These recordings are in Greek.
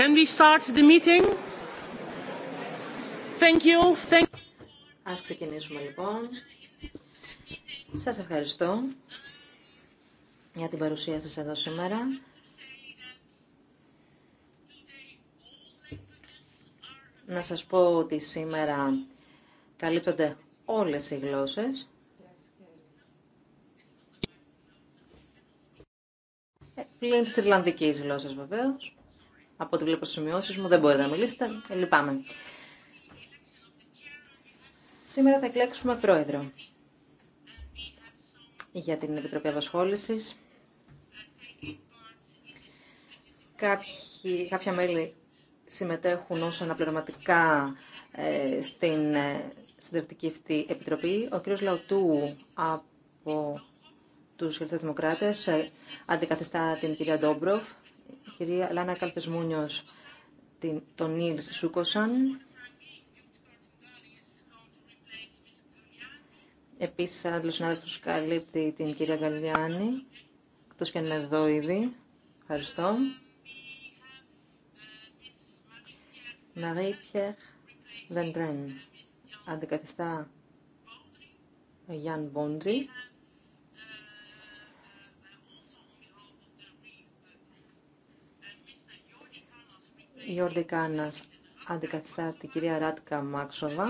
Can we start the meeting? Thank you. Thank... Ας ξεκινήσουμε λοιπόν. Σας ευχαριστώ για την παρουσία σας εδώ σήμερα. Να σας πω ότι σήμερα καλύπτονται όλες οι γλώσσες. Ε, πλην της Ιρλανδικής γλώσσας βεβαίως από ό,τι βλέπω στις μου δεν μπορείτε να μιλήσετε, λυπάμαι. Σήμερα θα εκλέξουμε πρόεδρο για την Επιτροπή Απασχόλησης. κάποια μέλη συμμετέχουν ως αναπληρωματικά ε, στην ε, συντριπτική αυτή επιτροπή. Ο κ. Λαουτού από τους Χριστιανούς Δημοκράτες ε, αντικαθιστά την κυρία Ντόμπροφ κυρία Λάνα Καλπεσμούνιος, τον Νίλς Σούκοσαν. Επίσης, άλλος συνάδελφος καλύπτει την κυρία Γαλιάνη, εκτός και αν είναι εδώ ήδη. Ευχαριστώ. Μαρή Πιέρ Βεντρέν. Αντικαθιστά ο Γιάνν Μπόντρι. Γιώργη Κάνας αντικαθιστά την κυρία Ράτκα Μάξοβα.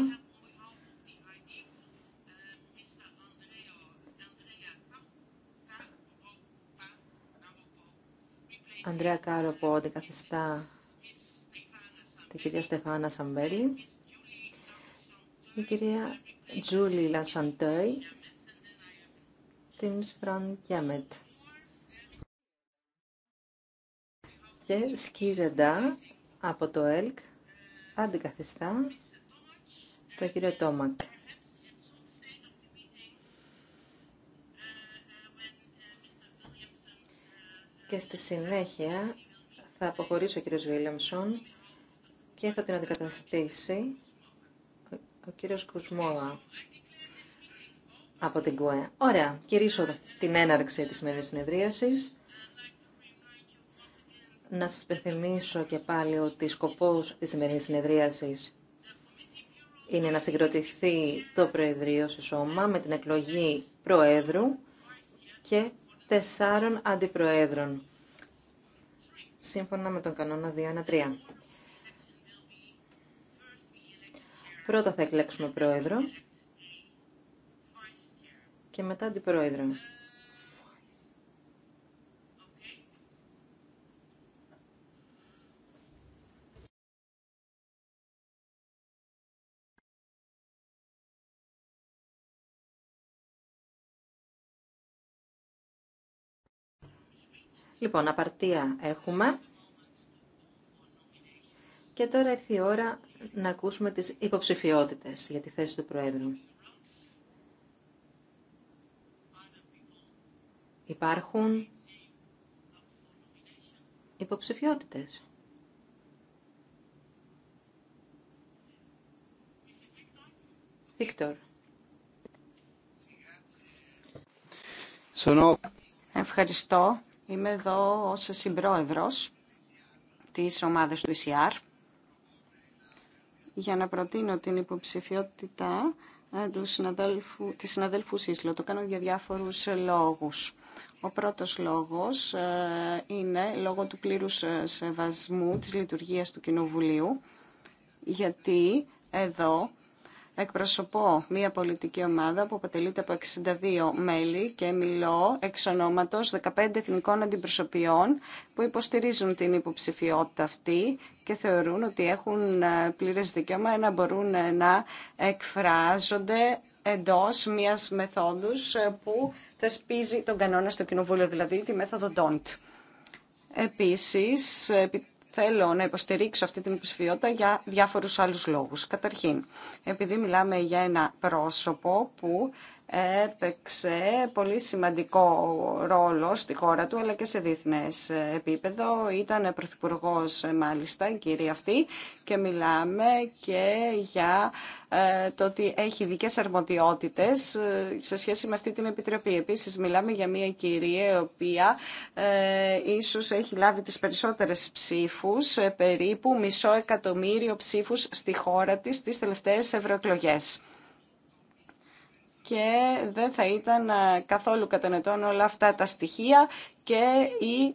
Ανδρέα Κάροπο αντικαθιστά την κυρία Στεφάνα Σαμπέλη. Η κυρία Τζούλη Λασαντέι την Σφραν Κέμετ. Και σκύρεντα από το ΕΛΚ αντικαθιστά το κύριο Τόμακ. Και στη συνέχεια θα αποχωρήσει ο κύριος Βίλεμσον και θα την αντικαταστήσει ο κύριος Κουσμόα από την ΚΟΕ. Ωραία, κηρύσω την έναρξη της σημερινής συνεδρίασης να σας πενθυμίσω και πάλι ότι σκοπός της σημερινής συνεδρίασης είναι να συγκροτηθεί το Προεδρείο σε σώμα με την εκλογή Προέδρου και τεσσάρων αντιπροέδρων, σύμφωνα με τον κανόνα 2.1.3. Πρώτα θα εκλέξουμε Πρόεδρο και μετά αντιπρόεδρο. Λοιπόν, απαρτία έχουμε. Και τώρα έρθει η ώρα να ακούσουμε τις υποψηφιότητες για τη θέση του Προέδρου. Υπάρχουν υποψηφιότητες. Βίκτορ. Ευχαριστώ. Είμαι εδώ ως συμπρόεδρος της ομάδας του ECR για να προτείνω την υποψηφιότητα ε, του συναδέλφου, της συναδέλφου Σίσλο. Το κάνω για διάφορους λόγους. Ο πρώτος λόγος ε, είναι λόγω του πλήρους ε, σεβασμού της λειτουργίας του Κοινοβουλίου, γιατί εδώ Εκπροσωπώ μια πολιτική ομάδα που αποτελείται από 62 μέλη και μιλώ εξ ονόματος 15 εθνικών αντιπροσωπιών που υποστηρίζουν την υποψηφιότητα αυτή και θεωρούν ότι έχουν ε, πλήρες δικαίωμα να μπορούν ε, να εκφράζονται εντός μιας μεθόδους ε, που θεσπίζει τον κανόνα στο Κοινοβούλιο, δηλαδή τη μέθοδο DONT. Επίσης, Θέλω να υποστηρίξω αυτή την υποψηφιότητα για διάφορους άλλους λόγους. Καταρχήν, επειδή μιλάμε για ένα πρόσωπο που έπαιξε πολύ σημαντικό ρόλο στη χώρα του αλλά και σε διεθνές επίπεδο. Ήταν Πρωθυπουργό μάλιστα η κυρία αυτή και μιλάμε και για ε, το ότι έχει ειδικέ αρμοδιότητες ε, σε σχέση με αυτή την Επιτροπή. Επίσης μιλάμε για μια κυρία η οποία ε, ίσως έχει λάβει τις περισσότερες ψήφους, περίπου μισό εκατομμύριο ψήφους στη χώρα της τις τελευταίες ευρωεκλογές και δεν θα ήταν ε, καθόλου κατανοητόν όλα αυτά τα στοιχεία και οι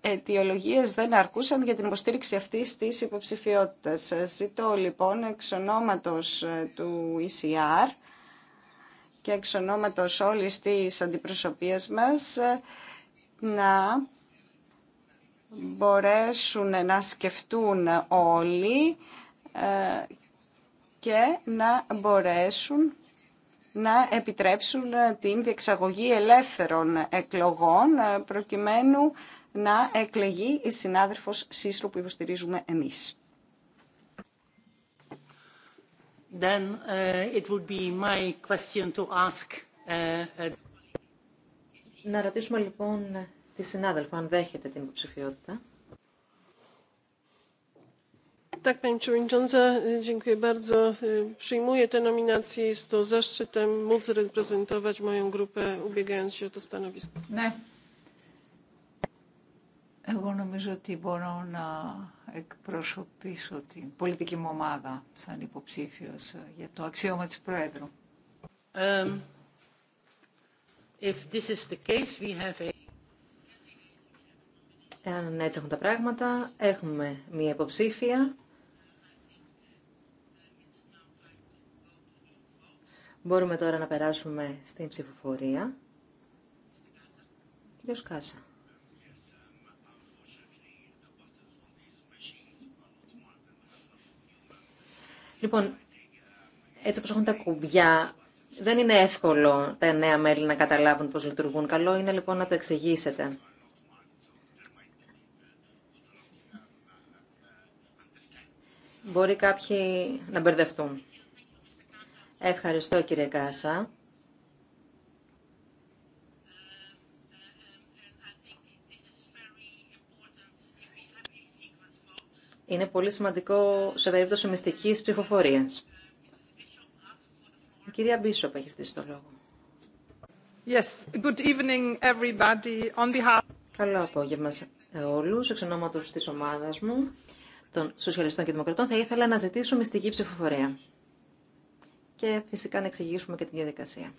αιτιολογίε δεν αρκούσαν για την υποστήριξη αυτή τη υποψηφιότητα. Ε, ζητώ λοιπόν εξ ε, του ECR και εξ ονόματος όλης της αντιπροσωπείας μας να μπορέσουν να σκεφτούν όλοι και να μπορέσουν να επιτρέψουν ε, την διεξαγωγή ελεύθερων ε, εκλογών ε, προκειμένου να εκλεγεί η συνάδελφος Σίσρου που υποστηρίζουμε εμείς. Then uh, it would be my question to ask. Uh, uh, να ρωτήσουμε λοιπόν τη συνάδελφο αν δέχεται την υποψηφιότητα. Tak, Pani Przewodnicząca, dziękuję bardzo. Przyjmuję tę nominację. Jest to zaszczytem móc reprezentować moją grupę, ubiegając się o to stanowisko. Εάν έτσι έχουν τα πράγματα, έχουμε μία Μπορούμε τώρα να περάσουμε στην ψηφοφορία. Κύριος Κάσα. Λοιπόν, έτσι όπως έχουν τα κουμπιά, δεν είναι εύκολο τα νέα μέλη να καταλάβουν πώς λειτουργούν. Καλό είναι λοιπόν να το εξηγήσετε. Μπορεί κάποιοι να μπερδευτούν. Ευχαριστώ κύριε Κάσα. Είναι πολύ σημαντικό σε περίπτωση μυστικής ψηφοφορίας. Η κυρία Μπίσοπ έχει στήσει το λόγο. Yes. Good evening everybody. On behalf... Καλό απόγευμα σε όλους, εξ ονόματος της ομάδας μου, των Σοσιαλιστών και Δημοκρατών, θα ήθελα να ζητήσω μυστική ψηφοφορία και φυσικά να εξηγήσουμε και την διαδικασία.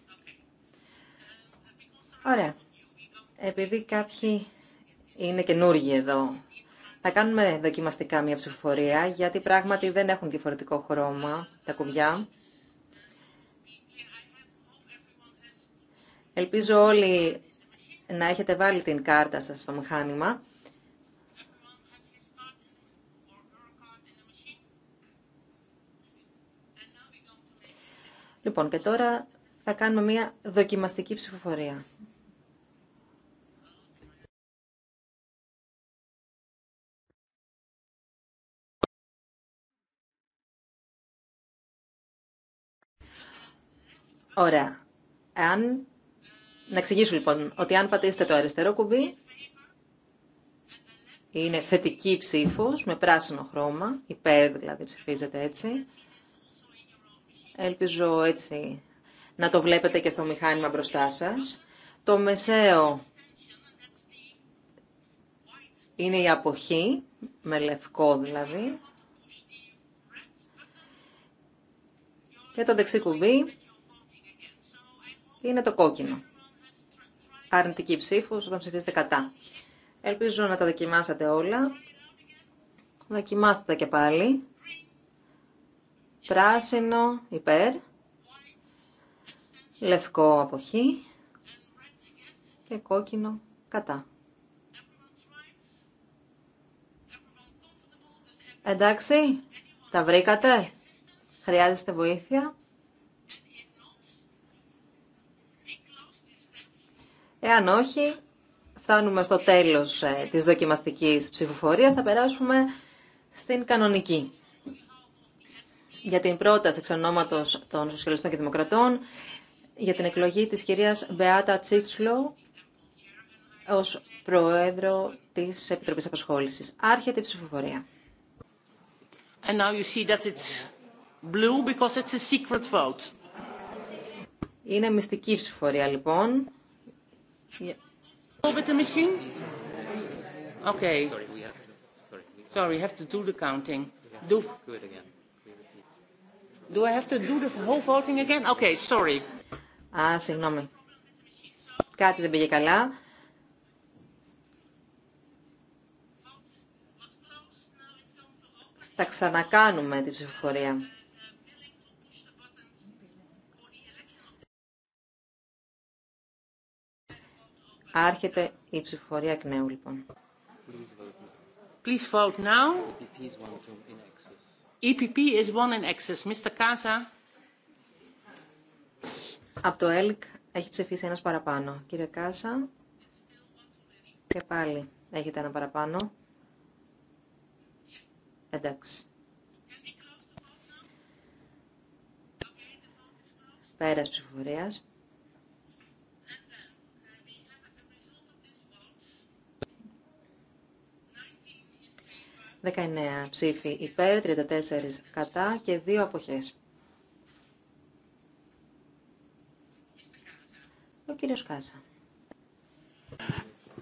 Ωραία. Επειδή κάποιοι είναι καινούργοι εδώ, θα κάνουμε δοκιμαστικά μια ψηφοφορία, γιατί πράγματι δεν έχουν διαφορετικό χρώμα τα κουβιά. Ελπίζω όλοι να έχετε βάλει την κάρτα σας στο μηχάνημα. Λοιπόν, και τώρα θα κάνουμε μια δοκιμαστική ψηφοφορία. Ωραία. Αν... Να εξηγήσω λοιπόν ότι αν πατήσετε το αριστερό κουμπί, είναι θετική ψήφος με πράσινο χρώμα, υπέρ δηλαδή ψηφίζεται έτσι. Ελπίζω έτσι να το βλέπετε και στο μηχάνημα μπροστά σας. Το μεσαίο είναι η αποχή, με λευκό δηλαδή. Και το δεξί κουμπί είναι το κόκκινο. Αρνητική ψήφος όταν ψηφίζετε κατά. Ελπίζω να τα δοκιμάσατε όλα. Δοκιμάστε τα και πάλι πράσινο υπέρ, λευκό αποχή και κόκκινο κατά. Εντάξει, τα βρήκατε, χρειάζεστε βοήθεια. Εάν όχι, φτάνουμε στο τέλος ε, της δοκιμαστικής ψηφοφορίας, θα περάσουμε στην κανονική για την πρόταση εξ ονόματος των Σοσιαλιστών και Δημοκρατών για την εκλογή της κυρίας Μπεάτα Τσίτσλο ως Προέδρο της Επιτροπής Απασχόλησης. Άρχεται η ψηφοφορία. And now you see that it's blue because it's a secret vote. Είναι μυστική ψηφοφορία λοιπόν. Okay. Sorry, we have, sorry. sorry, have to do the counting. Do, do it again. Do I have to do the whole voting again? Okay, sorry. Α, συγγνώμη. Κάτι δεν πήγε καλά. Θα ξανακάνουμε την ψηφοφορία. Άρχεται η ψηφοφορία εκ νέου, λοιπόν. Please vote now. EPP is one in excess. Mr. Από το ΕΛΚ έχει ψηφίσει ένας παραπάνω. Κύριε Κάσα. Και πάλι έχετε ένα παραπάνω. Εντάξει. Πέρας ψηφοφορίας. 19 ψήφοι υπέρ, 34 κατά και 2 αποχές. Ο κύριος Κάζα.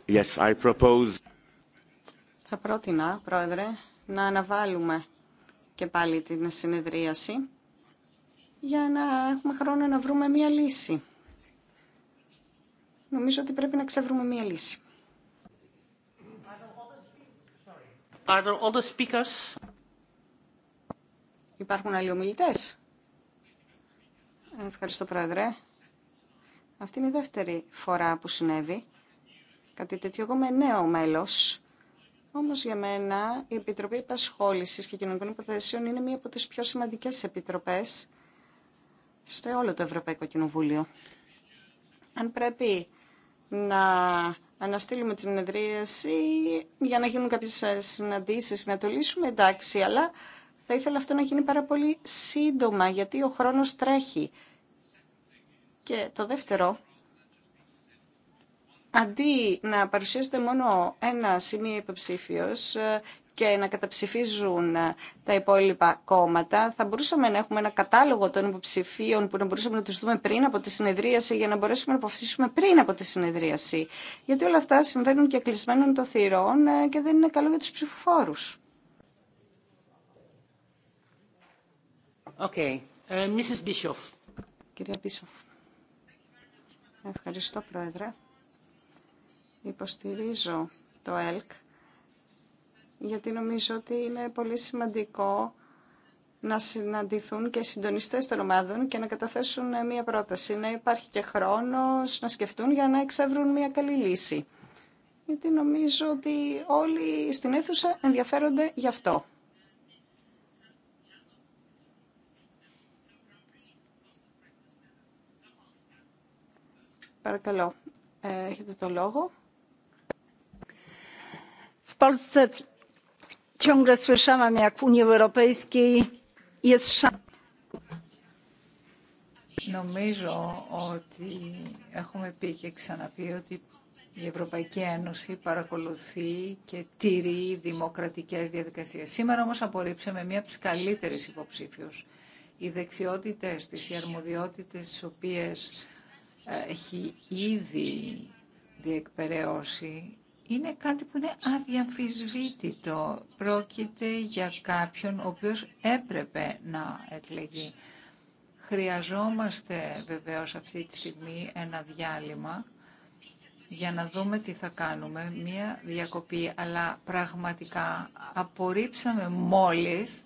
Yes, I propose... Θα πρότεινα, Πρόεδρε, να αναβάλουμε και πάλι την συνεδρίαση για να έχουμε χρόνο να βρούμε μία λύση. Νομίζω ότι πρέπει να ξεβρούμε μία λύση. Υπάρχουν άλλοι ομιλητέ. Ευχαριστώ, Πρόεδρε. Αυτή είναι η δεύτερη φορά που συνέβη. Κάτι τέτοιο εγώ είμαι νέο μέλος. Όμω για μένα η Επιτροπή επασχόληση και Κοινωνικών Υποθέσεων είναι μία από τις πιο σημαντικές επιτροπές στο όλο το Ευρωπαϊκό Κοινοβούλιο. Αν πρέπει να αναστείλουμε την συνεδρίαση για να γίνουν κάποιες ε, συναντήσεις, να το λύσουμε, εντάξει, αλλά θα ήθελα αυτό να γίνει πάρα πολύ σύντομα, γιατί ο χρόνος τρέχει. Και το δεύτερο, αντί να παρουσιάζεται μόνο ένα σημείο υποψήφιο ε, και να καταψηφίζουν ε, τα υπόλοιπα κόμματα, θα μπορούσαμε να έχουμε ένα κατάλογο των υποψηφίων που να μπορούσαμε να του δούμε πριν από τη συνεδρίαση για να μπορέσουμε να αποφασίσουμε πριν από τη συνεδρίαση. Γιατί όλα αυτά συμβαίνουν και κλεισμένων των θυρών ε, και δεν είναι καλό για του ψηφοφόρου. Okay. Ε, Κυρία Ευχαριστώ, Πρόεδρε. Υποστηρίζω το ΕΛΚ γιατί νομίζω ότι είναι πολύ σημαντικό να συναντηθούν και οι συντονιστές των ομάδων και να καταθέσουν μία πρόταση, να υπάρχει και χρόνος να σκεφτούν για να εξεύρουν μία καλή λύση. Γιατί νομίζω ότι όλοι στην αίθουσα ενδιαφέρονται γι' αυτό. Παρακαλώ, ε, έχετε το λόγο. Νομίζω ότι έχουμε πει και ξαναπεί ότι η Ευρωπαϊκή Ένωση παρακολουθεί και τηρεί δημοκρατικές διαδικασίες. Σήμερα όμως απορρίψαμε μία από τις καλύτερες υποψήφιους. Οι δεξιότητες της, οι αρμοδιότητες τις οποίες ε, έχει ήδη διεκπαιρεώσει είναι κάτι που είναι αδιαμφισβήτητο. Πρόκειται για κάποιον ο οποίος έπρεπε να εκλεγεί. Χρειαζόμαστε βεβαίως αυτή τη στιγμή ένα διάλειμμα για να δούμε τι θα κάνουμε, μία διακοπή, αλλά πραγματικά απορρίψαμε μόλις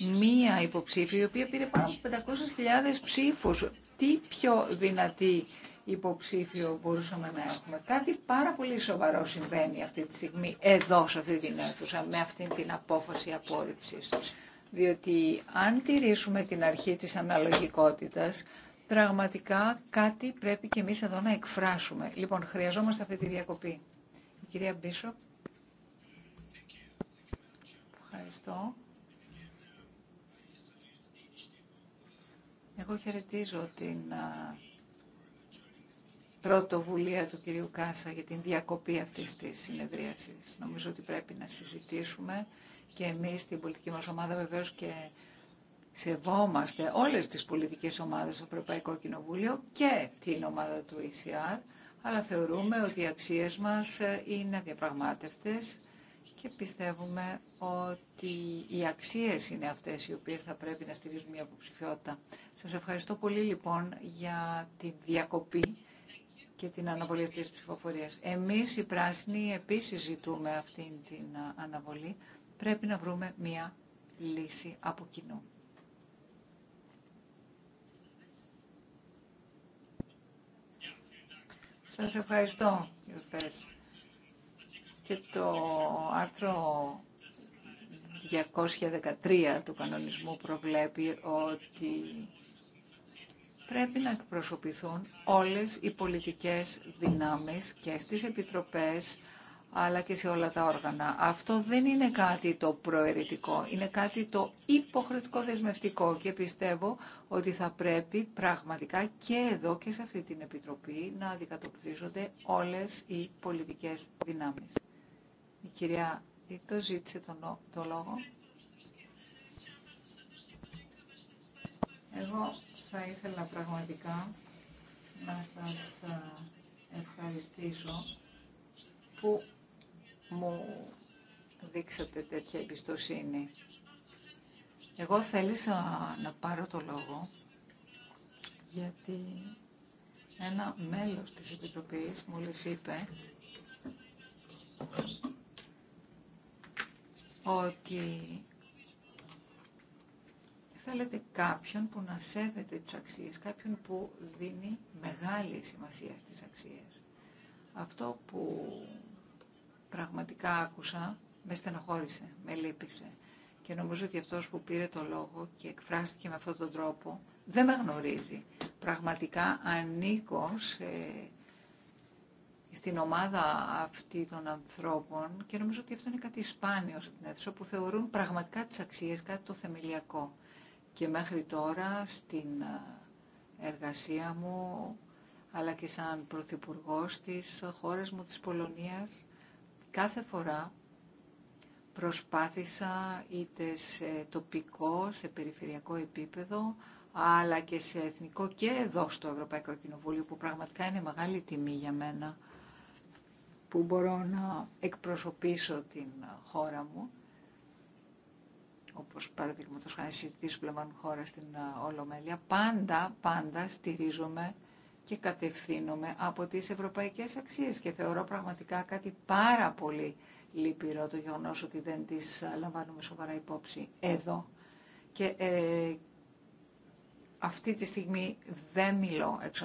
μία υποψήφια η οποία πήρε πάνω από 500.000 ψήφους. Τι πιο δυνατή υποψήφιο μπορούσαμε να έχουμε. Κάτι πάρα πολύ σοβαρό συμβαίνει αυτή τη στιγμή εδώ σε αυτή την αίθουσα με αυτή την απόφαση απόρριψης. Διότι αν τηρήσουμε την αρχή της αναλογικότητας, πραγματικά κάτι πρέπει και εμείς εδώ να εκφράσουμε. Λοιπόν, χρειαζόμαστε αυτή τη διακοπή. Η κυρία Μπίσοπ. Ευχαριστώ. Εγώ χαιρετίζω την πρωτοβουλία του κυρίου Κάσα για την διακοπή αυτής της συνεδρίασης. Νομίζω ότι πρέπει να συζητήσουμε και εμείς στην πολιτική μας ομάδα βεβαίως και σεβόμαστε όλες τις πολιτικές ομάδες στο Ευρωπαϊκό Κοινοβούλιο και την ομάδα του ECR, αλλά θεωρούμε ότι οι αξίες μας ε, είναι διαπραγμάτευτες και πιστεύουμε ότι οι αξίες είναι αυτές οι οποίες θα πρέπει να στηρίζουν μια αποψηφιότητα. Σας ευχαριστώ πολύ λοιπόν για την διακοπή και την αναβολή αυτής της ψηφοφορίας. Εμείς οι πράσινοι επίσης ζητούμε αυτή την αναβολή. Πρέπει να βρούμε μία λύση από κοινού. Σας ευχαριστώ, κύριε Και το άρθρο 213 του κανονισμού προβλέπει ότι πρέπει να εκπροσωπηθούν όλες οι πολιτικές δυνάμεις και στις επιτροπές αλλά και σε όλα τα όργανα. Αυτό δεν είναι κάτι το προαιρετικό, είναι κάτι το υποχρεωτικό δεσμευτικό και πιστεύω ότι θα πρέπει πραγματικά και εδώ και σε αυτή την Επιτροπή να αντικατοπτρίζονται όλες οι πολιτικές δυνάμεις. Η κυρία Ήρτο ζήτησε τον, το λόγο. Εγώ θα ήθελα πραγματικά να σας ε, ευχαριστήσω που μου δείξατε τέτοια εμπιστοσύνη. Εγώ θέλησα να πάρω το λόγο γιατί ένα μέλος της Επιτροπής μόλις είπε ότι θέλετε κάποιον που να σέβεται τις αξίες, κάποιον που δίνει μεγάλη σημασία στις αξίες. Αυτό που πραγματικά άκουσα με στενοχώρησε, με λύπησε και νομίζω ότι αυτός που πήρε το λόγο και εκφράστηκε με αυτόν τον τρόπο δεν με γνωρίζει. Πραγματικά ανήκω σε... στην ομάδα αυτή των ανθρώπων και νομίζω ότι αυτό είναι κάτι σπάνιο στην αίθουσα που θεωρούν πραγματικά τις αξίες κάτι το θεμελιακό και μέχρι τώρα στην ε, εργασία μου αλλά και σαν Πρωθυπουργό της χώρας μου της Πολωνίας κάθε φορά προσπάθησα είτε σε τοπικό, σε περιφερειακό επίπεδο αλλά και σε εθνικό και εδώ στο Ευρωπαϊκό Κοινοβούλιο που πραγματικά είναι μεγάλη τιμή για μένα που μπορώ να εκπροσωπήσω την χώρα μου όπως παραδείγματος χάρη συζητήσεις που χώρα στην ε, Ολομέλεια, πάντα, πάντα στηρίζομαι και κατευθύνομαι από τις ευρωπαϊκές αξίες και θεωρώ πραγματικά κάτι πάρα πολύ λυπηρό το γεγονό ότι δεν τις ε, λαμβάνουμε σοβαρά υπόψη εδώ. Και ε, αυτή τη στιγμή δεν μιλώ εξ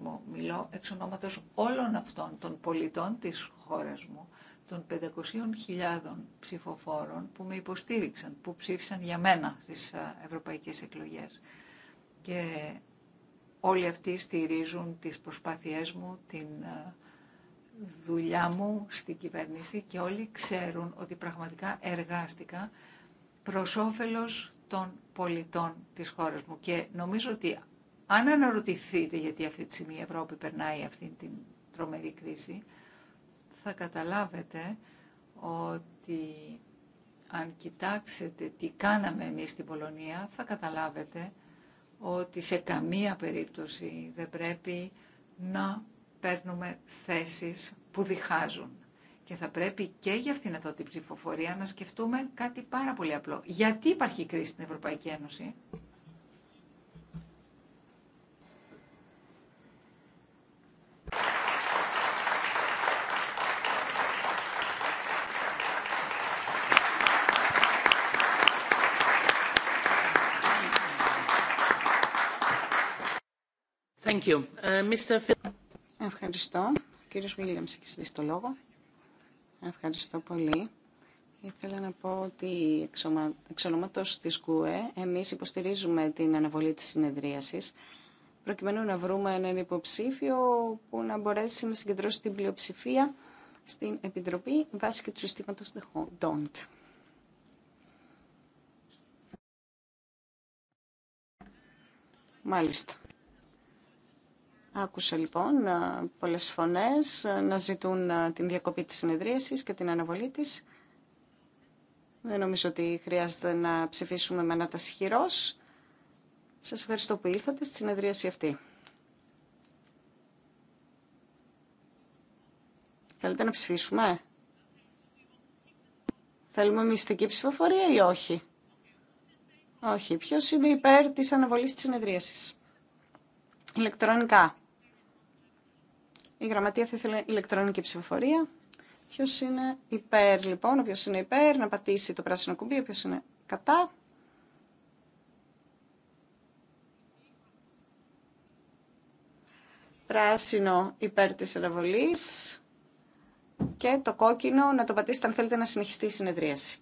μου, μιλώ εξ ονόματος όλων αυτών των πολιτών της χώρας μου των 500.000 ψηφοφόρων που με υποστήριξαν, που ψήφισαν για μένα στις ε, ευρωπαϊκές εκλογές. Και όλοι αυτοί στηρίζουν τις προσπάθειές μου, την ε, δουλειά μου στην κυβέρνηση και όλοι ξέρουν ότι πραγματικά εργάστηκα προς όφελος των πολιτών της χώρας μου. Και νομίζω ότι αν αναρωτηθείτε γιατί αυτή τη στιγμή η Ευρώπη περνάει αυτή την τρομερή κρίση, θα καταλάβετε ότι αν κοιτάξετε τι κάναμε εμείς στην Πολωνία, θα καταλάβετε ότι σε καμία περίπτωση δεν πρέπει να παίρνουμε θέσεις που διχάζουν. Και θα πρέπει και για αυτήν εδώ την ψηφοφορία να σκεφτούμε κάτι πάρα πολύ απλό. Γιατί υπάρχει κρίση στην Ευρωπαϊκή Ένωση. Uh, Ευχαριστώ. Ο κύριος έχει δεί το λόγο. Ευχαριστώ πολύ. Ήθελα να πω ότι εξ ονόματος της ΚΟΕ εμείς υποστηρίζουμε την αναβολή της συνεδρίασης προκειμένου να βρούμε έναν υποψήφιο που να μπορέσει να συγκεντρώσει την πλειοψηφία στην Επιτροπή βάσει και του συστήματος DONT. Μάλιστα. Άκουσα λοιπόν ε, πολλές φωνές ε, να ζητούν ε, την διακοπή της συνεδρίασης και την αναβολή της. Δεν νομίζω ότι χρειάζεται να ψηφίσουμε με ένα χειρός. Σας ευχαριστώ που ήλθατε στη συνεδρίαση αυτή. Θέλετε να ψηφίσουμε. Θέλουμε μυστική ψηφοφορία ή όχι. Όχι. Ποιος είναι υπέρ της αναβολής της συνεδρίασης. Ηλεκτρονικά. Η γραμματεία θα ήθελε ηλεκτρονική ψηφοφορία. Ποιο είναι υπέρ, λοιπόν, όποιο είναι υπέρ, να πατήσει το πράσινο κουμπί, όποιο είναι κατά. Πράσινο υπέρ της αναβολής και το κόκκινο να το πατήσετε αν θέλετε να συνεχιστεί η συνεδρίαση.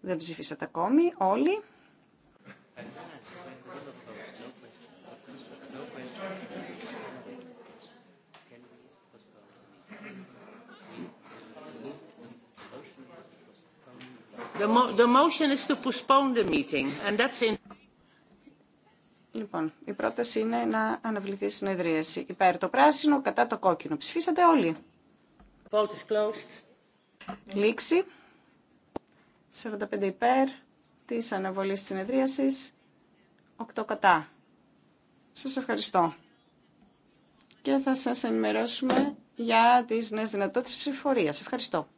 Δεν ψηφίσατε ακόμη όλοι. The, motion is to postpone the meeting and that's in... Λοιπόν, η πρόταση είναι να αναβληθεί η συνεδρίαση. Υπέρ το πράσινο, κατά το κόκκινο. Ψηφίσατε όλοι. Vote is closed. Λήξη. 45 υπέρ της αναβολής της συνεδρίασης. 8 κατά. Σας ευχαριστώ. Και θα σας ενημερώσουμε για τις νέες δυνατότητες ψηφορίας. Ευχαριστώ.